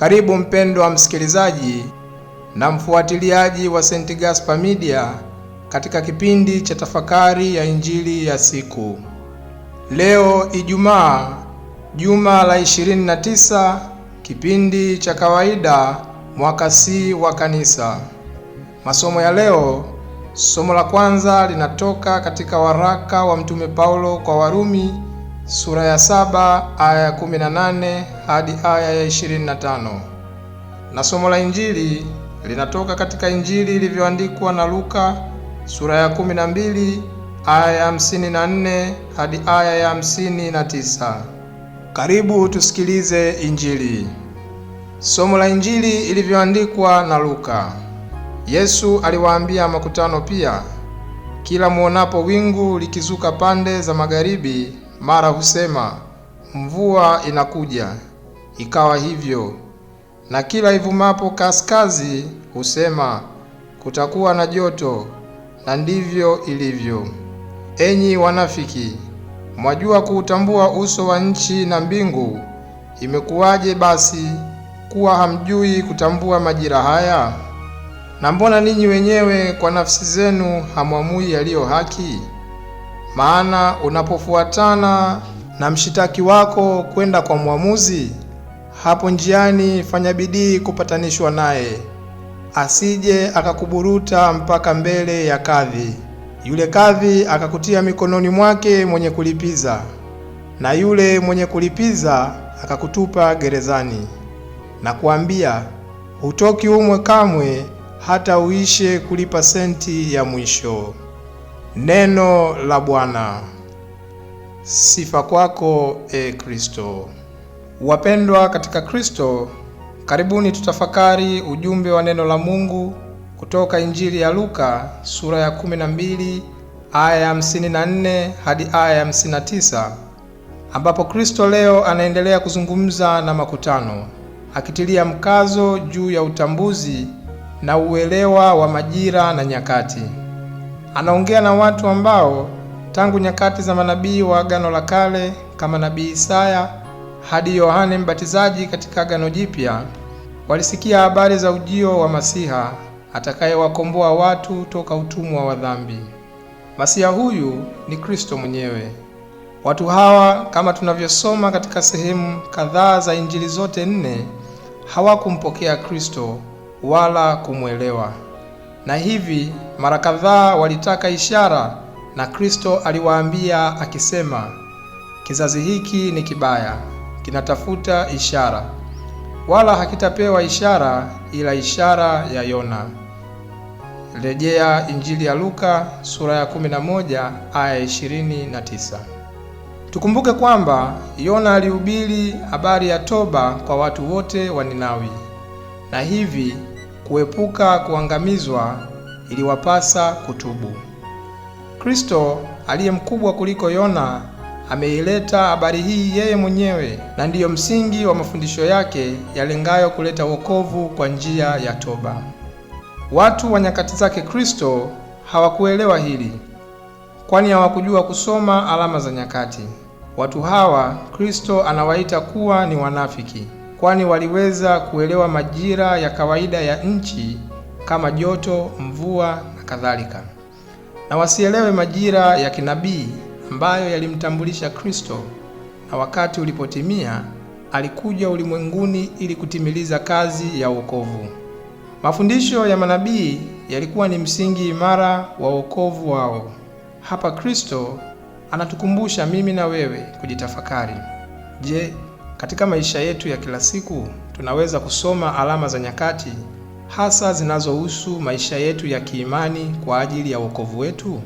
Karibu mpendwa msikilizaji na mfuatiliaji wa St. Gaspar Media katika kipindi cha tafakari ya Injili ya siku. Leo Ijumaa, juma la 29 kipindi cha kawaida mwaka C wa kanisa. Masomo ya leo, somo la kwanza linatoka katika waraka wa Mtume Paulo kwa Warumi sura ya saba aya ya nane hadi aya ya 25. Na somo la injili linatoka katika injili ilivyoandikwa na Luka sura ya mbili aya ya nne hadi aya ya na tisa Karibu tusikilize injili. Somo la injili ilivyoandikwa na Luka. Yesu aliwaambia makutano pia, kila muonapo wingu likizuka pande za magharibi mara husema mvua inakuja, ikawa hivyo; na kila ivumapo kaskazi husema kutakuwa na joto, na ndivyo ilivyo. Enyi wanafiki, mwajua kuutambua uso wa nchi na mbingu; imekuwaje basi kuwa hamjui kutambua majira haya? Na mbona ninyi wenyewe kwa nafsi zenu hamwamui yaliyo haki? Maana unapofuatana na mshitaki wako kwenda kwa mwamuzi, hapo njiani fanya bidii kupatanishwa naye, asije akakuburuta mpaka mbele ya kadhi, yule kadhi akakutia mikononi mwake mwenye kulipiza, na yule mwenye kulipiza akakutupa gerezani, na kuambia hutoki umwe kamwe, hata uishe kulipa senti ya mwisho. Neno la Bwana. Sifa kwako e Kristo. Wapendwa katika Kristo, karibuni tutafakari ujumbe wa neno la Mungu kutoka Injili ya Luka sura ya 12 aya ya 54 hadi aya ya 59, ambapo Kristo leo anaendelea kuzungumza na makutano akitilia mkazo juu ya utambuzi na uelewa wa majira na nyakati. Anaongea na watu ambao tangu nyakati za manabii wa Agano la Kale kama Nabii Isaya hadi Yohane Mbatizaji katika Agano Jipya walisikia habari za ujio wa Masiha atakayewakomboa watu toka utumwa wa dhambi. Masiha huyu ni Kristo mwenyewe. Watu hawa kama tunavyosoma katika sehemu kadhaa za Injili zote nne hawakumpokea Kristo wala kumwelewa na hivi mara kadhaa walitaka ishara, na Kristo aliwaambia akisema, kizazi hiki ni kibaya, kinatafuta ishara, wala hakitapewa ishara ila ishara ya Yona. Rejea Injili ya Luka sura ya 11 aya 29. Tukumbuke kwamba Yona alihubiri habari ya toba kwa watu wote wa Ninawi, na hivi kuepuka kuangamizwa iliwapasa kutubu. Kristo aliye mkubwa kuliko Yona ameileta habari hii yeye mwenyewe na ndiyo msingi wa mafundisho yake yalengayo kuleta wokovu kwa njia ya toba. Watu wa nyakati zake Kristo hawakuelewa hili, kwani hawakujua kusoma alama za nyakati. Watu hawa Kristo anawaita kuwa ni wanafiki kwani waliweza kuelewa majira ya kawaida ya nchi kama joto, mvua na kadhalika, na wasielewe majira ya kinabii ambayo yalimtambulisha Kristo, na wakati ulipotimia alikuja ulimwenguni ili kutimiliza kazi ya wokovu. Mafundisho ya manabii yalikuwa ni msingi imara wa wokovu wao. Hapa Kristo anatukumbusha mimi na wewe kujitafakari. Je, katika maisha yetu ya kila siku tunaweza kusoma alama za nyakati hasa zinazohusu maisha yetu ya kiimani kwa ajili ya wokovu wetu.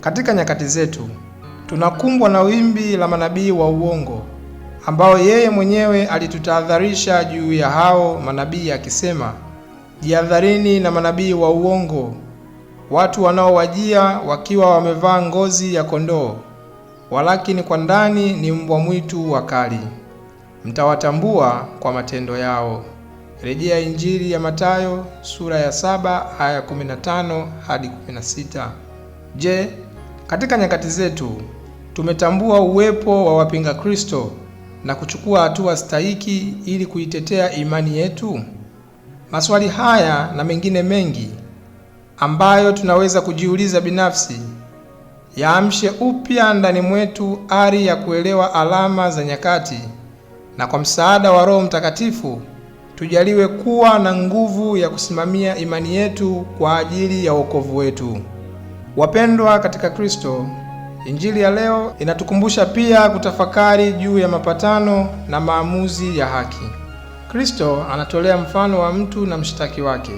Katika nyakati zetu tunakumbwa na wimbi la manabii wa uongo ambao yeye mwenyewe alitutahadharisha juu ya hao manabii akisema, jihadharini na manabii wa uongo, watu wanaowajia wakiwa wamevaa ngozi ya kondoo, walakini kwa ndani ni mbwa mwitu wakali mtawatambua kwa matendo yao. Rejea Injili ya Mathayo sura ya saba aya 15 hadi 16. Je, katika nyakati zetu tumetambua uwepo wa wapinga Kristo na kuchukua hatua stahiki ili kuitetea imani yetu? Maswali haya na mengine mengi ambayo tunaweza kujiuliza binafsi yaamshe upya ndani mwetu ari ya kuelewa alama za nyakati na kwa msaada wa Roho Mtakatifu tujaliwe kuwa na nguvu ya kusimamia imani yetu kwa ajili ya wokovu wetu. Wapendwa katika Kristo, Injili ya leo inatukumbusha pia kutafakari juu ya mapatano na maamuzi ya haki. Kristo anatolea mfano wa mtu na mshtaki wake,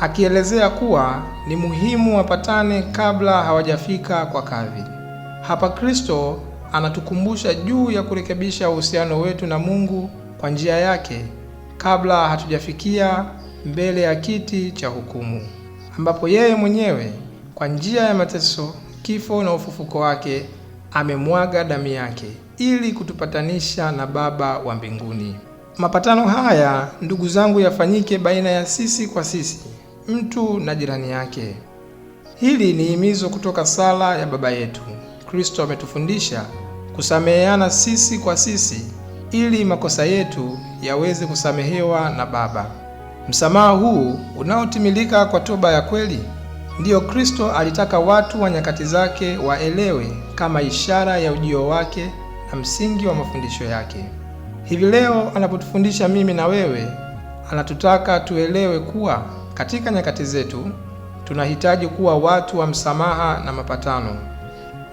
akielezea kuwa ni muhimu wapatane kabla hawajafika kwa kadhi. Hapa Kristo anatukumbusha juu ya kurekebisha uhusiano wetu na Mungu kwa njia yake kabla hatujafikia mbele ya kiti cha hukumu, ambapo yeye mwenyewe kwa njia ya mateso, kifo na ufufuko wake amemwaga damu yake ili kutupatanisha na Baba wa mbinguni. Mapatano haya ndugu zangu, yafanyike baina ya sisi kwa sisi, mtu na jirani yake. Hili ni himizo kutoka sala ya Baba yetu. Kristo ametufundisha kusameheana sisi kwa sisi ili makosa yetu yaweze kusamehewa na Baba. Msamaha huu unaotimilika kwa toba ya kweli ndiyo Kristo alitaka watu wa nyakati zake waelewe kama ishara ya ujio wake na msingi wa mafundisho yake. Hivi leo anapotufundisha mimi na wewe, anatutaka tuelewe kuwa katika nyakati zetu tunahitaji kuwa watu wa msamaha na mapatano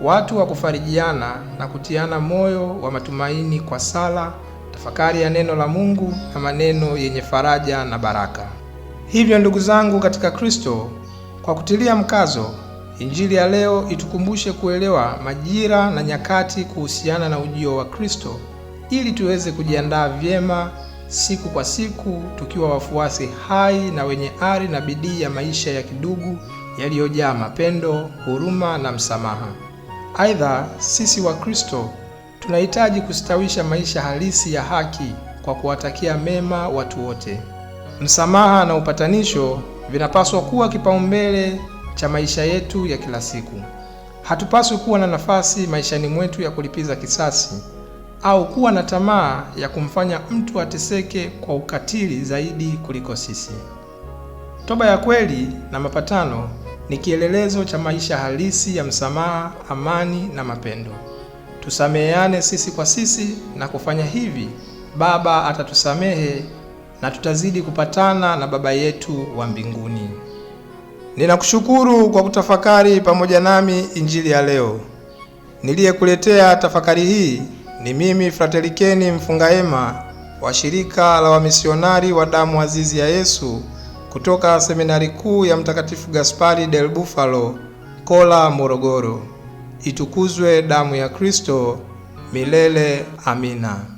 watu wa kufarijiana na kutiana moyo wa matumaini kwa sala, tafakari ya neno la Mungu na maneno yenye faraja na baraka. Hivyo ndugu zangu katika Kristo, kwa kutilia mkazo, Injili ya leo itukumbushe kuelewa majira na nyakati kuhusiana na ujio wa Kristo ili tuweze kujiandaa vyema siku kwa siku tukiwa wafuasi hai na wenye ari na bidii ya maisha ya kidugu yaliyojaa mapendo, huruma na msamaha. Aidha, sisi Wakristo tunahitaji kustawisha maisha halisi ya haki kwa kuwatakia mema watu wote. Msamaha na upatanisho vinapaswa kuwa kipaumbele cha maisha yetu ya kila siku. Hatupaswi kuwa na nafasi maishani mwetu ya kulipiza kisasi au kuwa na tamaa ya kumfanya mtu ateseke kwa ukatili zaidi kuliko sisi. Toba ya kweli na mapatano ni kielelezo cha maisha halisi ya msamaha, amani na mapendo. Tusameheane sisi kwa sisi, na kufanya hivi Baba atatusamehe na tutazidi kupatana na Baba yetu wa mbinguni. Ninakushukuru kwa kutafakari pamoja nami injili ya leo. Niliyekuletea tafakari hii ni mimi Fratelikeni mfungaema wa shirika la wamisionari wa damu azizi ya Yesu kutoka Seminari Kuu ya Mtakatifu Gaspari del Bufalo, Kola, Morogoro. Itukuzwe Damu ya Kristo! Milele amina.